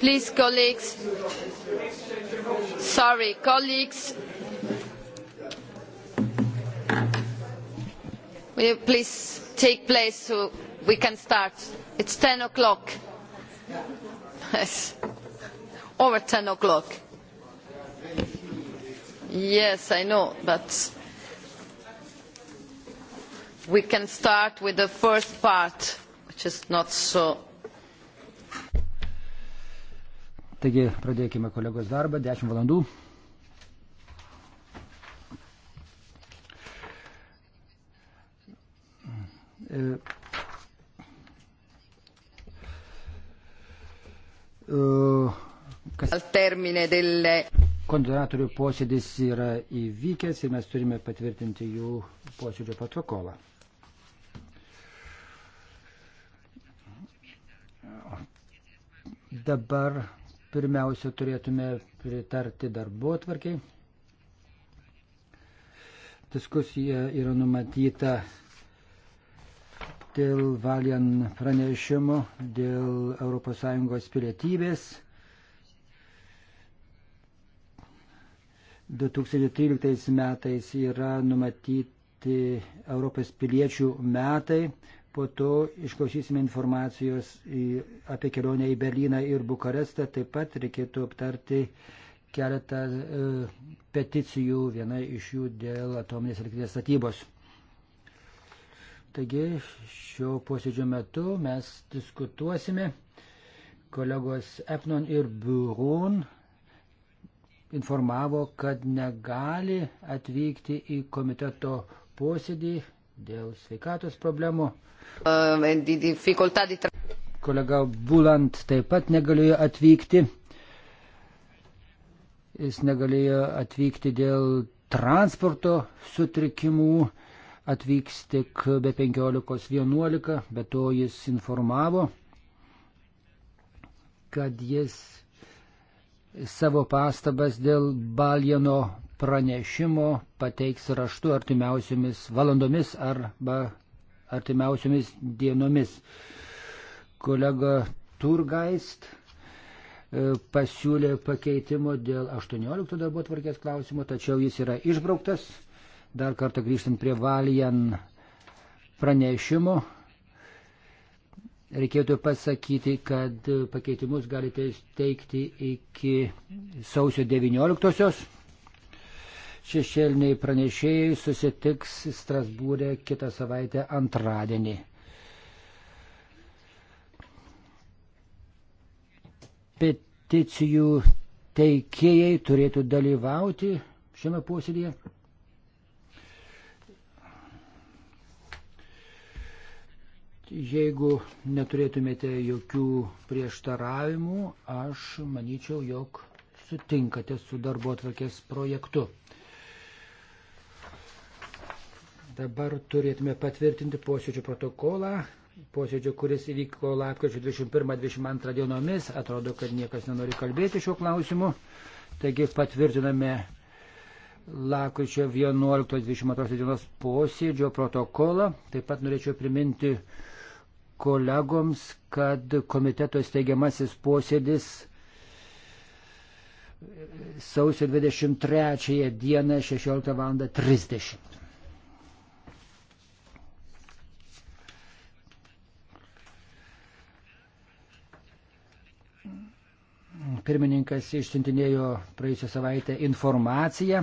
Please, colleagues. Sorry, colleagues. Will you please take place so we can start? It's 10 o'clock. Yes. Over 10 o'clock. Yes, I know, but we can start with the first part, which is not so Taigi pradėkime kolegos darbą, 10 valandų. E, e, kas... Al termine delle... Kondoratorių posėdis yra įvykęs ir mes turime patvirtinti jų posėdžio protokolą. dabar Pirmiausia, turėtume pritarti darbo tvarkiai. Diskusija yra numatyta dėl Valian pranešimo, dėl ES pilietybės. 2013 metais yra numatyti Europos piliečių metai, Po to išklausysime informacijos apie kelionę į Berliną ir Bukarestą. Taip pat reikėtų aptarti keletą e, peticijų, viena iš jų dėl atominės elektrinės statybos. Taigi šio posėdžio metu mes diskutuosime kolegos Epnon ir Biurun informavo, kad negali atvykti į komiteto posėdį dėl sveikatos problemų. Ehm, e, Kolega Bulant taip pat negalėjo atvykti. Jis negalėjo atvykti dėl transporto sutrikimų, atvyks tik be 15.11, bet to jis informavo, kad jis savo pastabas dėl Baljano pranešimo pateiks raštu artimiausiomis valandomis arba artimiausiomis dienomis. Kolega Turgaist e, pasiūlė pakeitimo dėl 18 darbo tvarkės klausimo, tačiau jis yra išbrauktas. Dar kartą grįžtant prie Valijan pranešimo, reikėtų pasakyti, kad pakeitimus galite teikti iki sausio 19. -osios šešėliniai pranešėjai susitiks Strasbūrė kitą savaitę antradienį. Peticijų teikėjai turėtų dalyvauti šiame posėdėje. Jeigu neturėtumėte jokių prieštaravimų, aš manyčiau, jog sutinkate su darbo atvarkės projektu. Dabar turėtume patvirtinti posėdžio protokolą. Posėdžio, kuris įvyko lapkričio 21-22 dienomis. Atrodo, kad niekas nenori kalbėti šiuo klausimu. Taigi patvirtiname lapkričio 11-22 dienos posėdžio protokolą. Taip pat norėčiau priminti kolegoms, kad komiteto steigiamasis posėdis sausio 23 dieną 16 val. 30. Pirmininkas išsintinėjo praėjusią savaitę informaciją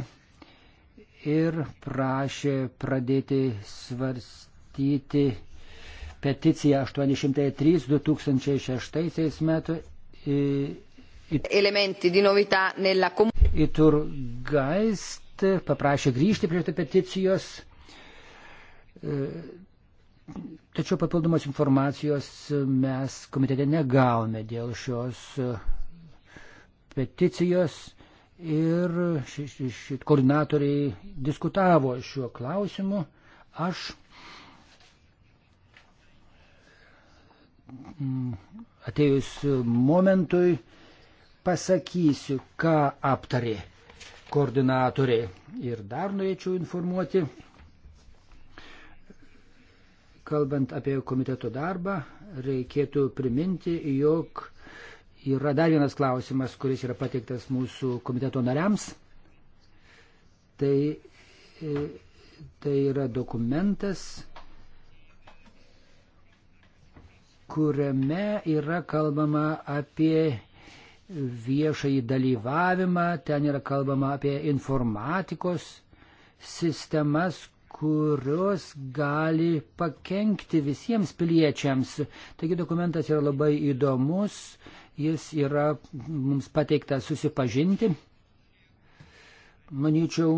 ir prašė pradėti svarstyti peticiją 803-2006 metų elementi di novità nella Iturgaist paprašė grįžti prie peticijos. E, Tačiau papildomos informacijos mes komitete negavome dėl šios e, peticijos ir šit, šit koordinatoriai diskutavo šiuo klausimu. Aš mm, atėjus momentui pasakysiu, ką aptarė koordinatoriai. Ir dar norėčiau informuoti Kalbant apie komiteto darbą, reikėtų priminti, jog yra dar vienas klausimas, kuris yra pateiktas mūsų komiteto nariams. Tai, e, tai yra dokumentas, kuriame yra kalbama apie viešai dalyvavimą, ten yra kalbama apie informatikos sistemas, kurios gali pakengti visiems piliečiams. Taigi dokumentas yra labai įdomus, jis yra mums pateiktas susipažinti. Manyčiau,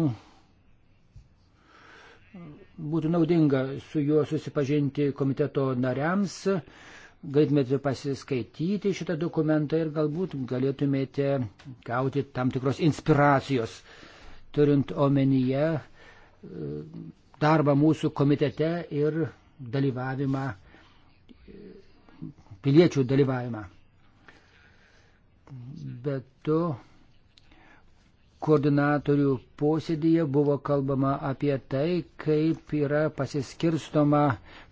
būtų naudinga su juo susipažinti komiteto nariams. Galėtumėte pasiskaityti šitą dokumentą ir galbūt galėtumėte gauti tam tikros inspiracijos, turint omenyje darbą mūsų komitete ir dalyvavimą, piliečių dalyvavimą. Bet tu koordinatorių posėdėje buvo kalbama apie tai, kaip yra pasiskirstoma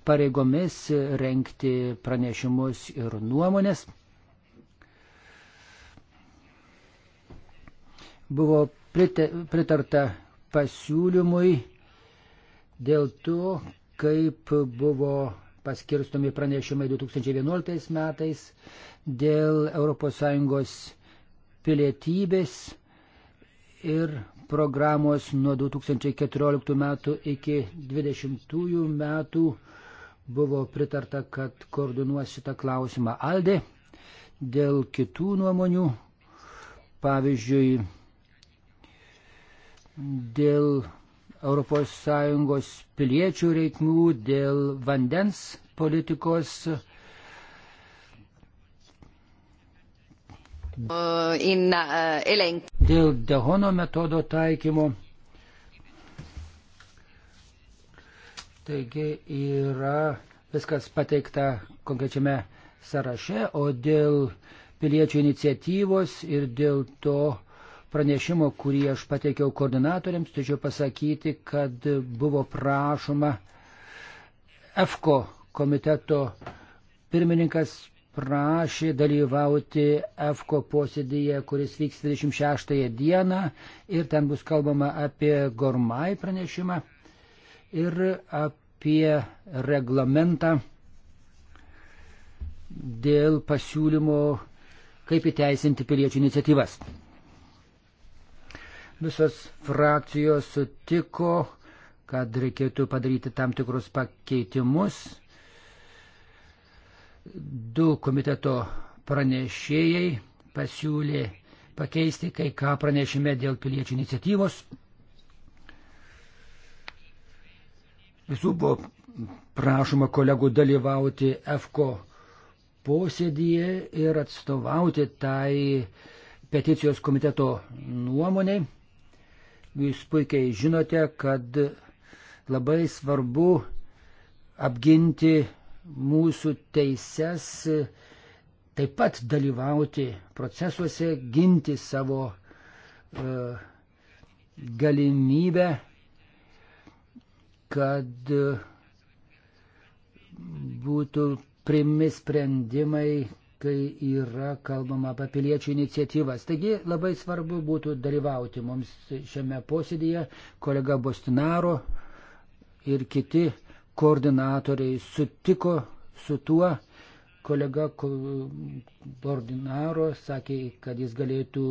pareigomis renkti pranešimus ir nuomonės. Buvo pritarta pasiūlymui dėl to, kaip buvo paskirstomi pranešimai 2011 metais dėl ES pilietybės ir programos nuo 2014 metų iki 2020 metų buvo pritarta, kad koordinuos šitą klausimą Aldė. Dėl kitų nuomonių, pavyzdžiui, dėl ES piliečių reikmių, dėl vandens politikos. Dėl Dehono metodo taikymo. Taigi yra viskas pateikta konkrečiame sąraše, o dėl piliečių iniciatyvos ir dėl to pranešimo, kurį aš pateikiau koordinatoriams, tačiau pasakyti, kad buvo prašoma EFKO komiteto pirmininkas prašė dalyvauti EFKO posėdėje, kuris vyks 26 dieną ir ten bus kalbama apie Gormai pranešimą ir apie reglamentą dėl pasiūlymo, kaip įteisinti piliečių iniciatyvas. Visos frakcijos sutiko, kad reikėtų padaryti tam tikrus pakeitimus. Du komiteto pranešėjai pasiūlė pakeisti kai ką pranešime dėl piliečių iniciatyvos. Visų buvo prašoma kolegų dalyvauti EFKO posėdyje ir atstovauti tai peticijos komiteto nuomoniai. Jūs puikiai žinote, kad labai svarbu apginti mūsų teises, taip pat dalyvauti procesuose, ginti savo uh, galimybę, kad uh, būtų primi sprendimai, kai yra kalbama apie piliečių iniciatyvas. Taigi labai svarbu būtų dalyvauti mums šiame posėdėje. Kolega Bostinaro ir kiti koordinatoriai sutiko su tuo. Kolega Bordinaro sakė, kad jis galėtų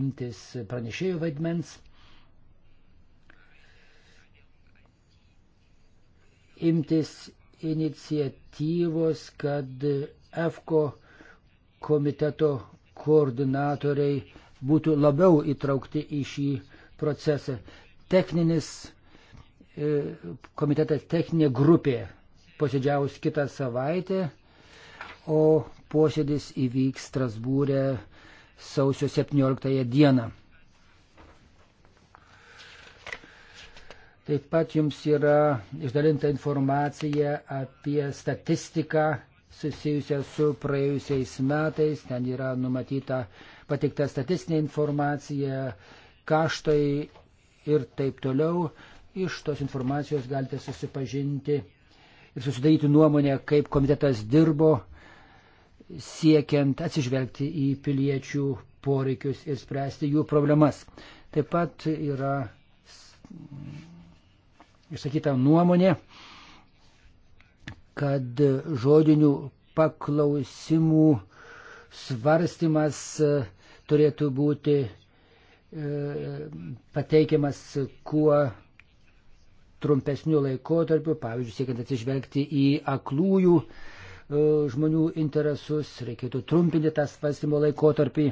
imtis pranešėjų vaidmens. Imtis iniciatyvos, kad EFKO komiteto koordinatoriai būtų labiau įtraukti į šį procesą. Techninis e, komitetas, techninė grupė posėdžiaus kitą savaitę, o posėdis įvyks Strasbūrė sausio 17 dieną. Taip pat jums yra išdalinta informacija apie statistiką susijusią su praėjusiais metais. Ten yra numatyta pateikta statistinė informacija, kaštai ir taip toliau. Iš tos informacijos galite susipažinti ir susidaryti nuomonę, kaip komitetas dirbo, siekiant atsižvelgti į piliečių poreikius ir spręsti jų problemas. Taip pat yra išsakyta nuomonė, kad žodinių paklausimų svarstymas e, turėtų būti e, pateikiamas kuo trumpesniu laikotarpiu, pavyzdžiui, siekiant atsižvelgti į aklųjų e, žmonių interesus, reikėtų trumpinti tą svarstymo laikotarpį.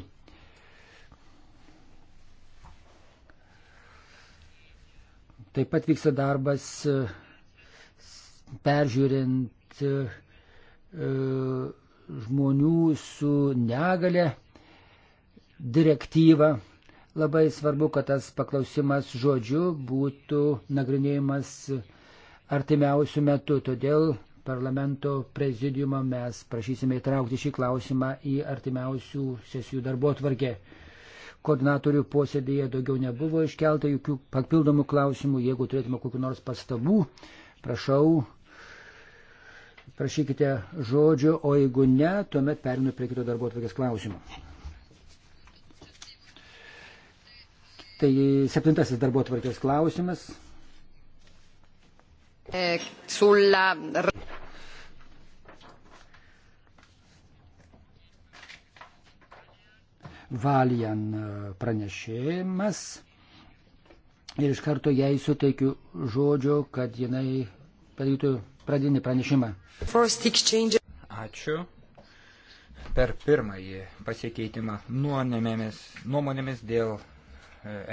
Taip pat vyksta darbas peržiūrint kad e, žmonių su negale direktyva labai svarbu, kad tas paklausimas žodžiu būtų nagrinėjimas artimiausių metų. Todėl parlamento prezidiumą mes prašysime įtraukti šį klausimą į artimiausių sesijų darbo tvarkę. Koordinatorių posėdėje daugiau nebuvo iškelta jokių papildomų klausimų. Jeigu turėtume kokiu nors pastabų, prašau prašykite žodžio, o jeigu ne, tuomet perinu prie kito darbo atvarkės klausimo. Tai septintasis darbo atvarkės klausimas. E, sulla... Valian e, pranešimas. Ir iš karto jai suteikiu žodžio, kad jinai padarytų pradinį pranešimą. Ačiū. Per pirmąjį pasikeitimą nuomonėmis, nuomonėmis dėl e,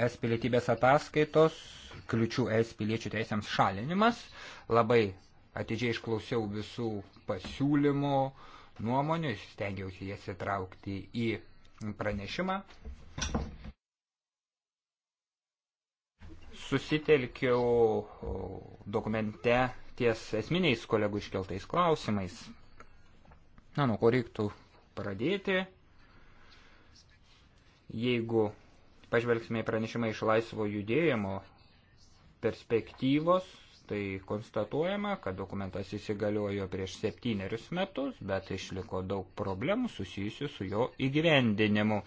es pilietybės ataskaitos, kliučių es piliečių teisėms šalinimas. Labai atidžiai išklausiau visų pasiūlymų, nuomonių, stengiausi jas įtraukti į pranešimą. Susitelkiau dokumente ties esminiais kolegų iškeltais klausimais. Na, nuo ko reiktų pradėti, jeigu pažvelgsime į pranešimą iš laisvo judėjimo perspektyvos, tai konstatuojama, kad dokumentas įsigaliojo prieš septynerius metus, bet išliko daug problemų susijusių su jo įgyvendinimu.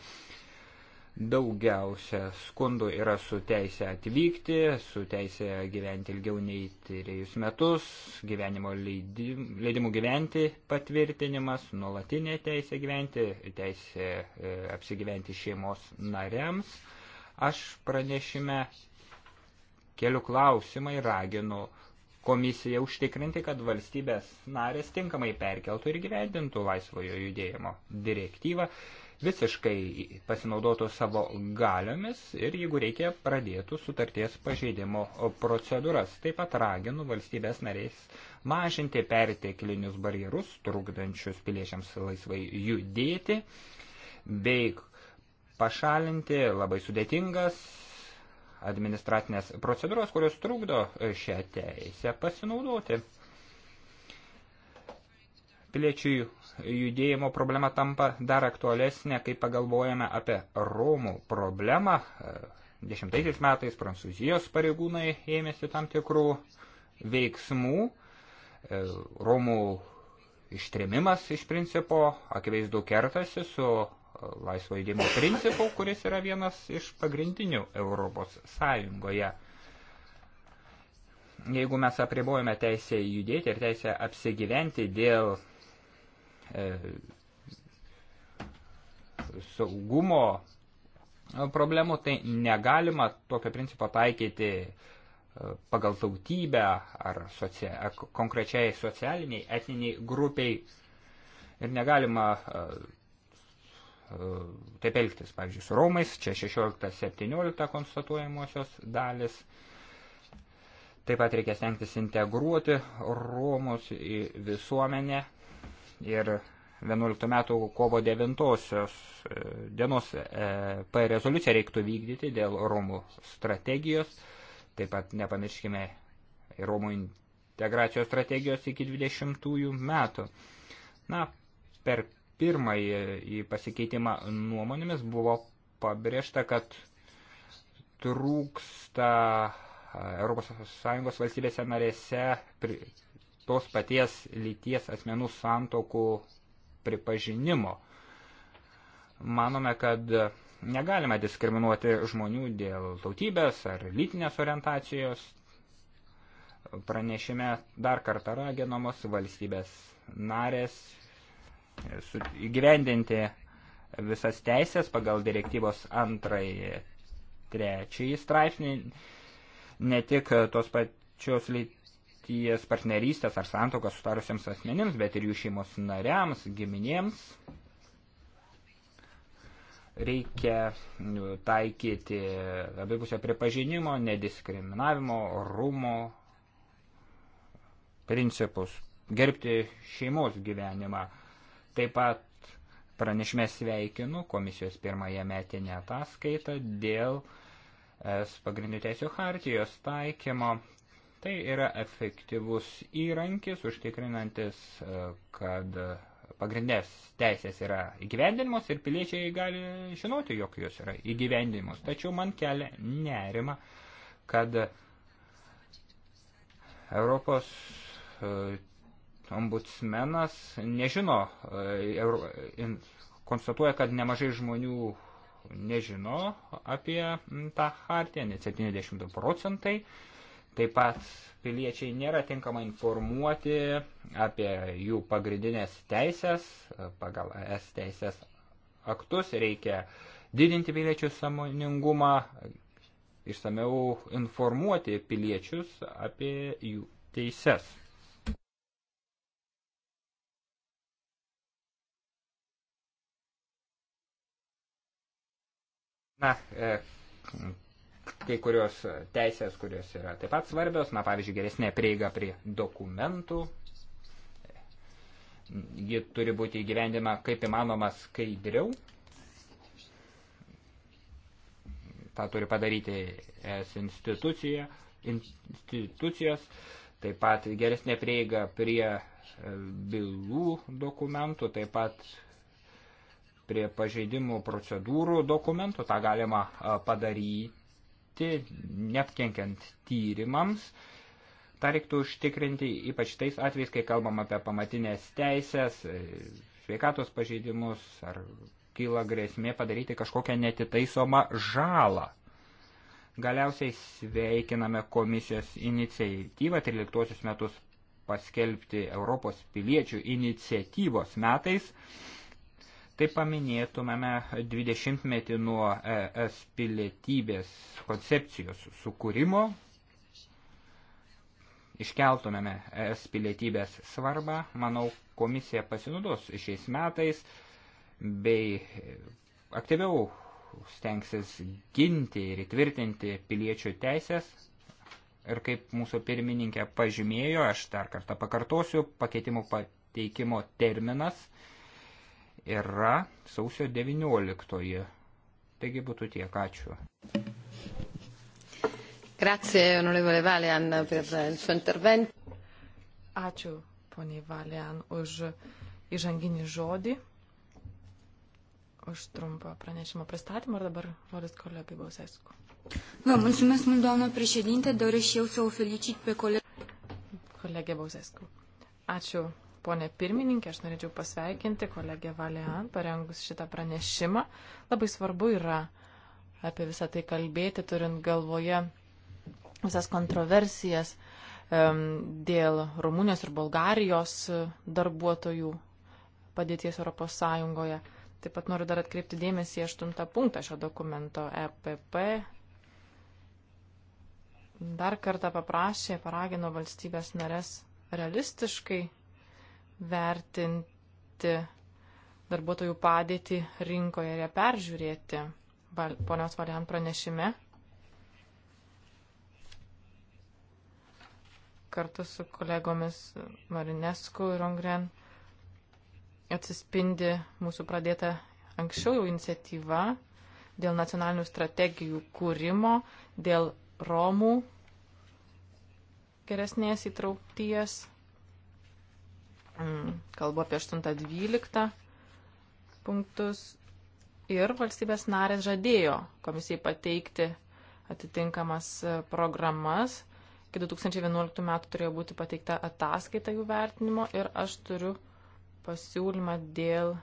Daugiausia skundų yra su teisė atvykti, su teisė gyventi ilgiau nei trejus metus, gyvenimo leidim, leidimų gyventi patvirtinimas, nuolatinė teisė gyventi, teisė e, apsigyventi šeimos nariams. Aš pranešime keliu klausimą ir raginu komisiją užtikrinti, kad valstybės narės tinkamai perkeltų ir gyvendintų laisvojo judėjimo direktyvą visiškai pasinaudotų savo galiomis ir, jeigu reikia, pradėtų sutarties pažeidimo procedūras. Taip pat raginu valstybės nariais mažinti perteklinius barjerus, trukdančius piliečiams laisvai judėti, bei pašalinti labai sudėtingas administracinės procedūros, kurios trukdo šią teisę pasinaudoti piliečių judėjimo problema tampa dar aktualesnė, kai pagalvojame apie Romų problemą. Dešimtaisiais metais Prancūzijos pareigūnai ėmėsi tam tikrų veiksmų. Romų ištrimimas iš principo akivaizdu kertasi su laisvo judėjimo principu, kuris yra vienas iš pagrindinių Europos Sąjungoje jeigu mes apribojame teisę judėti ir teisę apsigyventi dėl E, saugumo problemų, tai negalima tokio principo taikyti e, pagal tautybę ar socia konkrečiai socialiniai, etniniai grupiai ir negalima e, taip elgtis, pavyzdžiui, su Romais, čia 16-17 konstatuojamosios dalis. Taip pat reikia stengtis integruoti Romus į visuomenę, ir 11 metų kovo 9 e, dienos e, P rezoliuciją reiktų vykdyti dėl Romų strategijos. Taip pat nepamirškime Romų integracijos strategijos iki 20 metų. Na, per pirmąjį pasikeitimą nuomonėmis buvo pabrėžta, kad trūksta ES valstybėse narėse tos paties lyties asmenų santokų pripažinimo. Manome, kad negalima diskriminuoti žmonių dėl tautybės ar lytinės orientacijos. Pranešime dar kartą raginamos valstybės narės įgyvendinti visas teisės pagal direktyvos antrąjį trečiąjį straipsnį, ne tik tos pačios lytinės sutarties partnerystės ar santokas sutarusiems asmenims, bet ir jų šeimos nariams, giminėms. Reikia nu, taikyti abipusio pripažinimo, nediskriminavimo, rūmo principus, gerbti šeimos gyvenimą. Taip pat pranešime sveikinu komisijos pirmąją metinę ataskaitą dėl es pagrindinių teisų hartijos taikymo. Tai yra efektyvus įrankis, užtikrinantis, e, kad pagrindės teisės yra įgyvendinimos ir piliečiai gali žinoti, jog jos yra įgyvendinimos. Tačiau man kelia nerima, kad Europos e, ombudsmenas nežino, e, konstatuoja, kad nemažai žmonių nežino apie tą hartiją, net 70 procentai Taip pat piliečiai nėra tinkamai informuoti apie jų pagrindinės teisės, pagal ES teisės aktus reikia didinti piliečių samoningumą, išsameu informuoti piliečius apie jų teises. Na, e, kai kurios teisės, kurios yra taip pat svarbios, na pavyzdžiui, geresnė prieiga prie dokumentų, ji turi būti įgyvendima kaip įmanoma skaidriau. Ta turi padaryti es institucija, institucijos, taip pat geresnė prieiga prie e, bylų dokumentų, taip pat prie pažeidimų procedūrų dokumentų. Ta galima e, padaryti atlikti, net kenkiant tyrimams. Ta reiktų užtikrinti ypač tais atvejais, kai kalbam apie pamatinės teisės, sveikatos pažeidimus ar kyla grėsmė padaryti kažkokią netitaisomą žalą. Galiausiai sveikiname komisijos iniciatyvą 13 metus paskelbti Europos piliečių iniciatyvos metais. Tai paminėtumėme 20-metį nuo ES pilietybės koncepcijos sukūrimo, iškeltumėme ES pilietybės svarbą. Manau, komisija pasinaudos šiais metais bei aktyviau stengsis ginti ir įtvirtinti piliečių teisės. Ir kaip mūsų pirmininkė pažymėjo, aš dar kartą pakartosiu, pakeitimų pateikimo terminas – yra sausio 19. Taigi būtų tiek, ačiū. Grazie, onorevole Valian, per il suo intervento. Ačiū, poniai Valian, už įžanginį žodį, už trumpą pranešimo pristatymą ir dabar žodis kolegai Bausesku. Vă mulțumesc mult, doamnă președinte, doresc și eu să o felicit pe coleg... Colegă Bausescu. Ačiū ponė pirmininkė, aš norėčiau pasveikinti kolegę Valian, parengus šitą pranešimą. Labai svarbu yra apie visą tai kalbėti, turint galvoje visas kontroversijas um, dėl Rumunijos ir Bulgarijos darbuotojų padėties Europos Sąjungoje. Taip pat noriu dar atkreipti dėmesį į aštuntą punktą šio dokumento EPP. Dar kartą paprašė, paragino valstybės narės realistiškai vertinti darbuotojų padėtį rinkoje ir ją peržiūrėti ponios Valian pranešime. Kartu su kolegomis Marinesku ir Ongren atsispindi mūsų pradėta anksčiau jau iniciatyva dėl nacionalinių strategijų kūrimo, dėl Romų geresnės įtraukties Mm, kalbu apie 8.12 punktus. Ir valstybės narės žadėjo komisijai pateikti atitinkamas e, programas. Iki 2011 metų turėjo būti pateikta ataskaita jų vertinimo ir aš turiu pasiūlymą dėl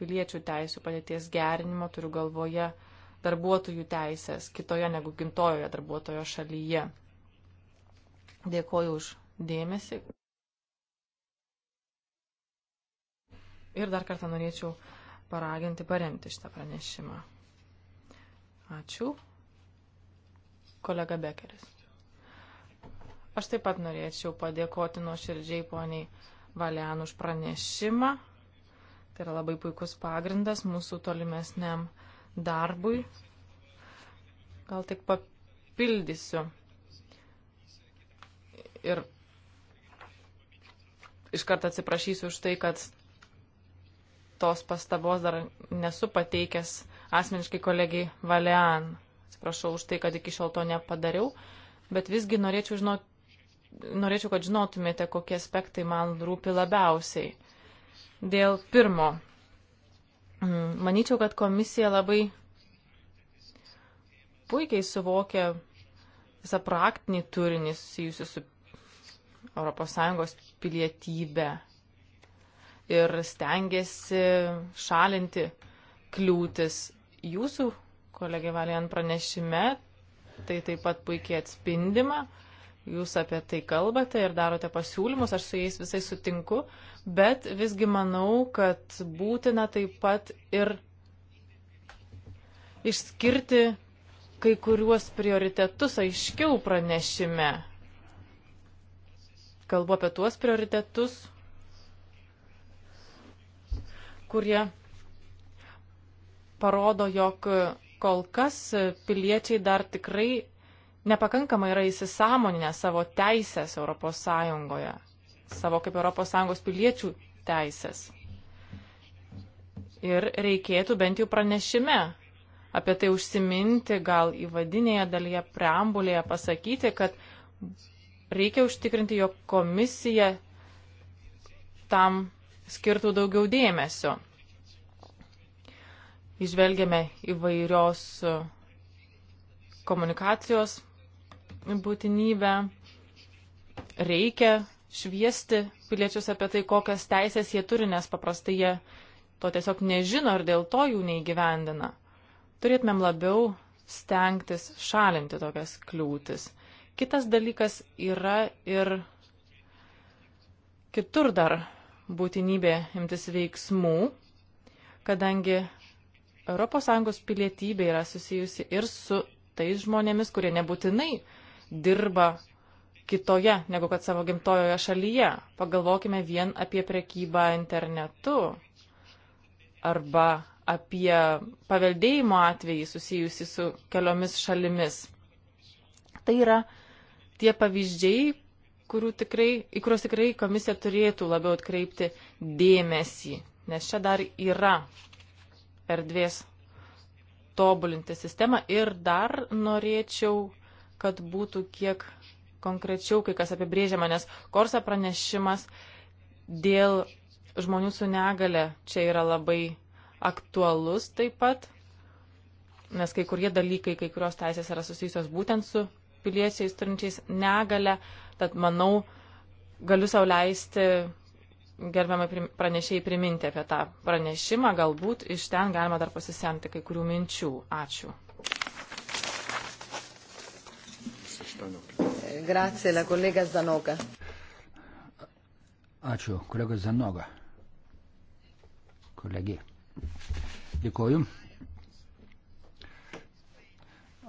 piliečių teisų padėties gerinimo, turiu galvoje darbuotojų teisės kitoje negu gimtojoje darbuotojo šalyje. Dėkoju už dėmesį. ir dar kartą norėčiau paraginti paremti šitą pranešimą. Ačiū. Kolega Bekeris. Aš taip pat norėčiau padėkoti nuoširdžiai poniai Valian už pranešimą. Tai yra labai puikus pagrindas mūsų tolimesniam darbui. Gal tik papildysiu. Ir iškart atsiprašysiu už tai, kad tos pastabos dar nesu pateikęs asmeniškai kolegiai Valean. Atsiprašau už tai, kad iki šiol to nepadariau, bet visgi norėčiau, žinot, norėčiau kad žinotumėte, kokie aspektai man rūpi labiausiai. Dėl pirmo. Mm, manyčiau, kad komisija labai puikiai suvokia visą praktinį turinį susijusiu su ES pilietybė ir stengiasi šalinti kliūtis. Jūsų kolegė Valijan pranešime tai taip pat puikiai atspindima. Jūs apie tai kalbate ir darote pasiūlymus, aš su jais visai sutinku, bet visgi manau, kad būtina taip pat ir išskirti kai kuriuos prioritetus aiškiau pranešime. Kalbu apie tuos prioritetus, kurie parodo, jog kol kas piliečiai dar tikrai nepakankamai yra įsisamoninę savo teisės ES, savo kaip ES piliečių teisės. Ir reikėtų bent jau pranešime apie tai užsiminti, gal įvadinėje dalyje, preambulėje pasakyti, kad reikia užtikrinti, jog komisija tam skirtų daugiau dėmesio. Išvelgiame įvairios e, komunikacijos būtinybę. Reikia šviesti piliečius apie tai, kokias teisės jie turi, nes paprastai jie to tiesiog nežino ir dėl to jų neįgyvendina. Turėtumėm labiau stengtis šalinti tokias kliūtis. Kitas dalykas yra ir kitur dar būtinybė imtis veiksmų, kadangi ES pilietybė yra susijusi ir su tais žmonėmis, kurie nebūtinai dirba kitoje negu kad savo gimtojoje šalyje. Pagalvokime vien apie prekybą internetu arba apie paveldėjimo atvejį susijusi su keliomis šalimis. Tai yra tie pavyzdžiai, tikrai, į kuriuos tikrai komisija turėtų labiau atkreipti dėmesį, nes čia dar yra erdvės tobulinti sistemą ir dar norėčiau, kad būtų kiek konkrečiau kai kas apibrėžiama, nes Korsa pranešimas dėl žmonių su negale čia yra labai aktualus taip pat, nes kai kurie dalykai, kai kurios teisės yra susijusios būtent su piliečiais turinčiais negalę, tad manau, galiu sau leisti gerbiamai pranešėjai priminti apie tą pranešimą, galbūt iš ten galima dar pasisemti kai kurių minčių. Ačiū. Grazie, la kolega Zanoga. Ačiū, kolega Zanoga. Kolegė. Dėkoju.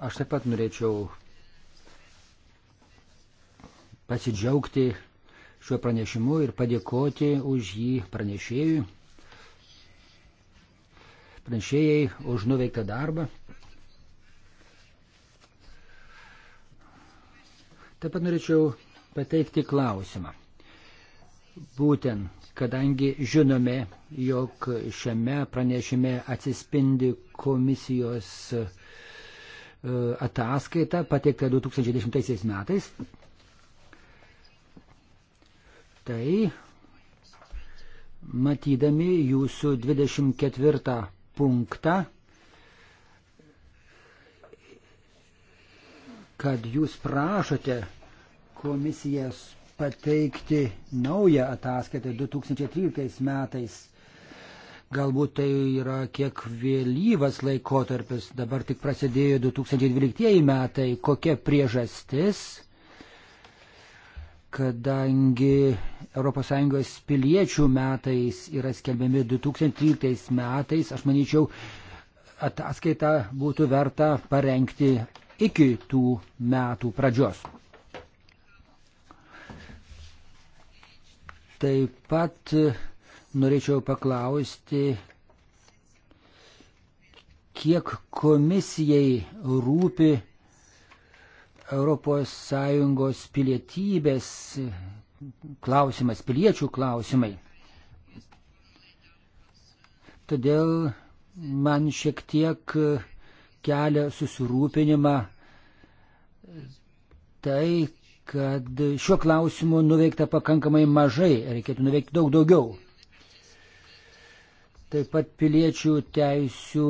Aš taip pat norėčiau pasidžiaugti šiuo pranešimu ir padėkoti už jį pranešėjui, pranešėjai už nuveiktą darbą. Taip pat norėčiau pateikti klausimą. Būtent, kadangi žinome, jog šiame pranešime atsispindi komisijos e, ataskaita pateikta 2010 metais, tai matydami jūsų 24 punktą, kad jūs prašote komisijas pateikti naują ataskaitą 2013 metais. Galbūt tai yra kiek vėlyvas laikotarpis, dabar tik prasidėjo 2012 metai. Kokia priežastis? kadangi ES piliečių metais yra skelbiami 2013 metais, aš manyčiau, ataskaitą būtų verta parengti iki tų metų pradžios. Taip pat norėčiau paklausti, kiek komisijai rūpi ES pilietybės klausimas, piliečių klausimai. Todėl man šiek tiek kelia susirūpinimą tai, kad šiuo klausimu nuveikta pakankamai mažai, reikėtų nuveikti daug daugiau. Taip pat piliečių teisių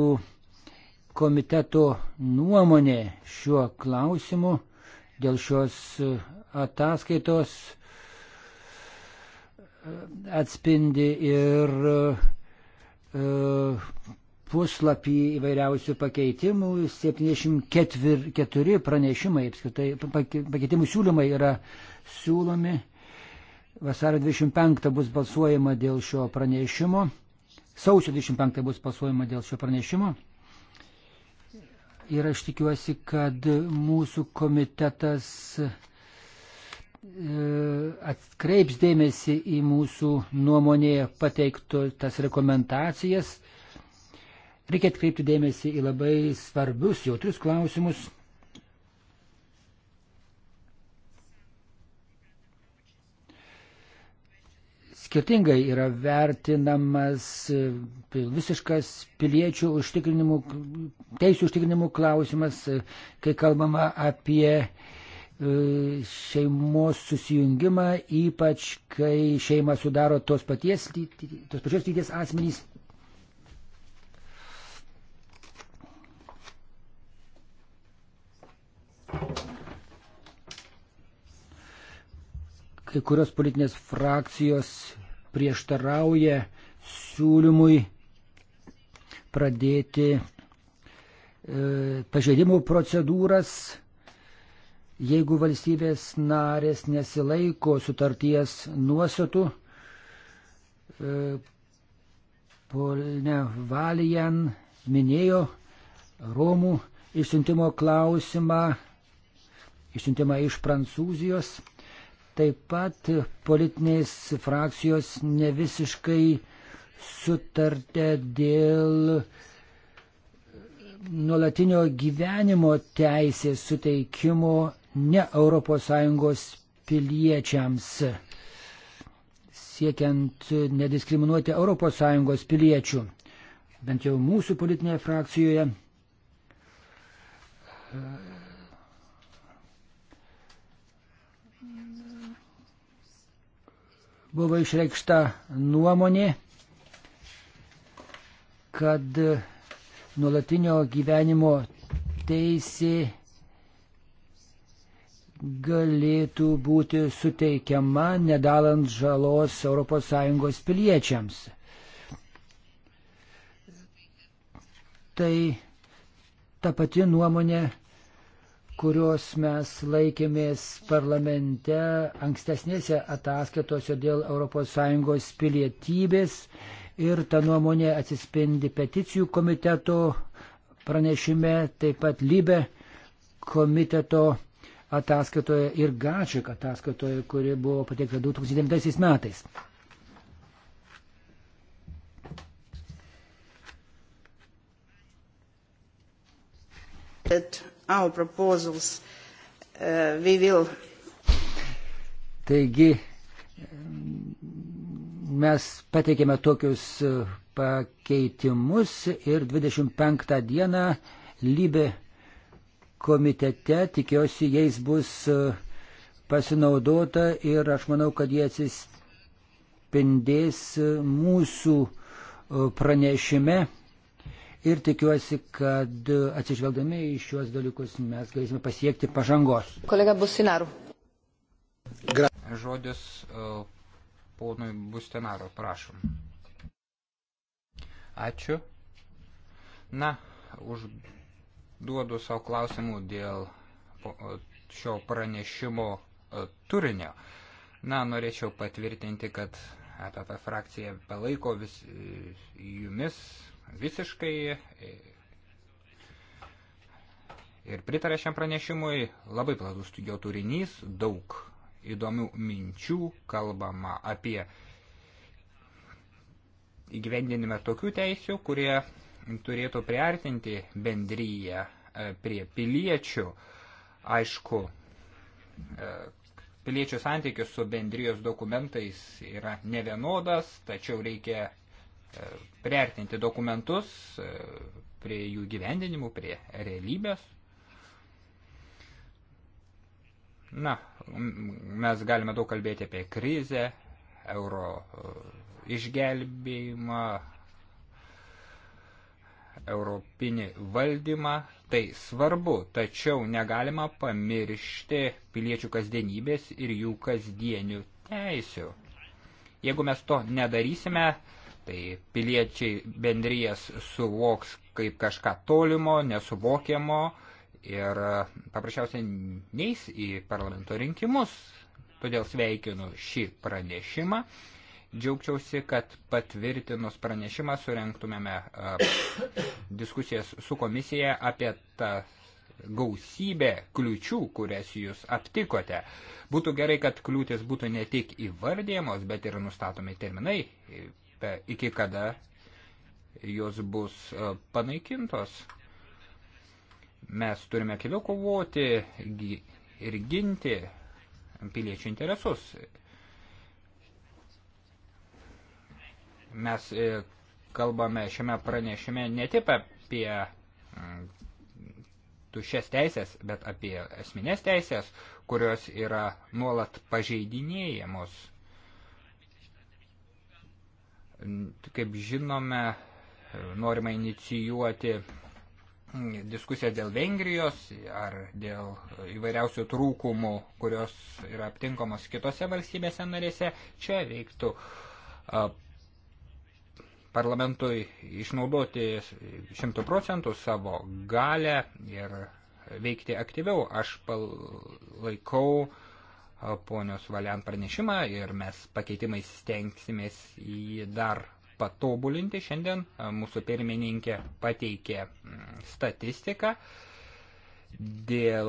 komiteto nuomonė šiuo klausimu dėl šios e, ataskaitos e, atspindi ir e, puslapį įvairiausių pakeitimų, 74 pranešimai, apskritai pakeitimų siūlymai yra siūlomi. Vasario 25 bus balsuojama dėl šio pranešimo. Sausio 25 bus balsuojama dėl šio pranešimo ir aš tikiuosi, kad mūsų komitetas e, atkreips dėmesį į mūsų nuomonėje pateiktas rekomendacijas. Reikia atkreipti dėmesį į labai svarbius, jautrius klausimus. skirtingai yra vertinamas e, visiškas piliečių užtikrinimų, teisų užtikrinimų klausimas, e, kai kalbama apie e, šeimos susijungimą, ypač kai šeimą sudaro tos, paties, tos pačios lyties asmenys. Kai kurios politinės frakcijos prieštarauja siūlymui pradėti e, pažeidimų procedūras, jeigu valstybės narės nesilaiko sutarties nuostatų. E, Polne Valijan minėjo Romų išsiuntimo klausimą, išsiuntimą iš Prancūzijos. Taip pat politinės frakcijos ne visiškai sutartė dėl nuolatinio gyvenimo teisės suteikimo ne ES piliečiams, siekiant nediskriminuoti ES piliečių. Bent jau mūsų politinėje frakcijoje buvo išreikšta nuomonė, kad nuolatinio gyvenimo teisė galėtų būti suteikiama nedalant žalos ES piliečiams. Tai ta pati nuomonė kurios mes laikėmės parlamente ankstesnėse ataskaitose dėl ES pilietybės ir ta nuomonė atsispindi peticijų komiteto pranešime, taip pat Libe komiteto ataskaitoje ir Gačik ataskaitoje, kuri buvo pateikta 2009 metais. It our proposals, uh, we will. Taigi, mm, mes pateikėme tokius e, pakeitimus ir 25 dieną lybė komitete, tikiuosi, jais bus e, pasinaudota ir aš manau, kad jie atsispindės e, mūsų pranešime ir tikiuosi, kad atsižvelgdami į šiuos dalykus mes galėsime pasiekti pažangos. Kolega Businaru. Gra Žodis e, ponui Bustinaru, prašom. Ačiū. Na, užduodu savo klausimų dėl e, šio pranešimo e, turinio. Na, norėčiau patvirtinti, kad EPP frakcija palaiko vis jumis visiškai e, ir pritarė šiam pranešimui. Labai platus jo turinys, daug įdomių minčių, kalbama apie įgyvendinime tokių teisių, kurie turėtų priartinti bendryje e, prie piliečių. Aišku, e, piliečių santykis su bendrijos dokumentais yra nevienodas, tačiau reikia E, priartinti dokumentus e, prie jų gyvendinimų, prie realybės. Na, mes galime daug kalbėti apie krizę, euro e, išgelbėjimą, europinį valdymą. Tai svarbu, tačiau negalima pamiršti piliečių kasdienybės ir jų kasdienių teisių. Jeigu mes to nedarysime, tai piliečiai bendrijas suvoks kaip kažką tolimo, nesuvokiamo ir e, paprasčiausiai neis į parlamento rinkimus. Todėl sveikinu šį pranešimą. Džiaugčiausi, kad patvirtinus pranešimą surenktumėme e, diskusijas su komisija apie tą gausybę kliučių, kurias jūs aptikote. Būtų gerai, kad kliūtis būtų ne tik įvardėjamos, bet ir nustatomi terminai, aspektą, iki kada jos bus e, panaikintos. Mes turime keliu kovoti ir ginti piliečių interesus. Mes e, kalbame šiame pranešime ne tik apie mm, tušias teisės, bet apie esminės teisės, kurios yra nuolat pažeidinėjamos Kaip žinome, norima inicijuoti diskusiją dėl Vengrijos ar dėl įvairiausių trūkumų, kurios yra aptinkamos kitose valstybėse narėse. Čia reiktų parlamentui išnaudoti šimtų procentų savo galę ir veikti aktyviau. Aš palaikau uh, ponios Valiant pranešimą ir mes pakeitimais stengsimės jį dar patobulinti. Šiandien e, mūsų pirmininkė pateikė mm, statistiką dėl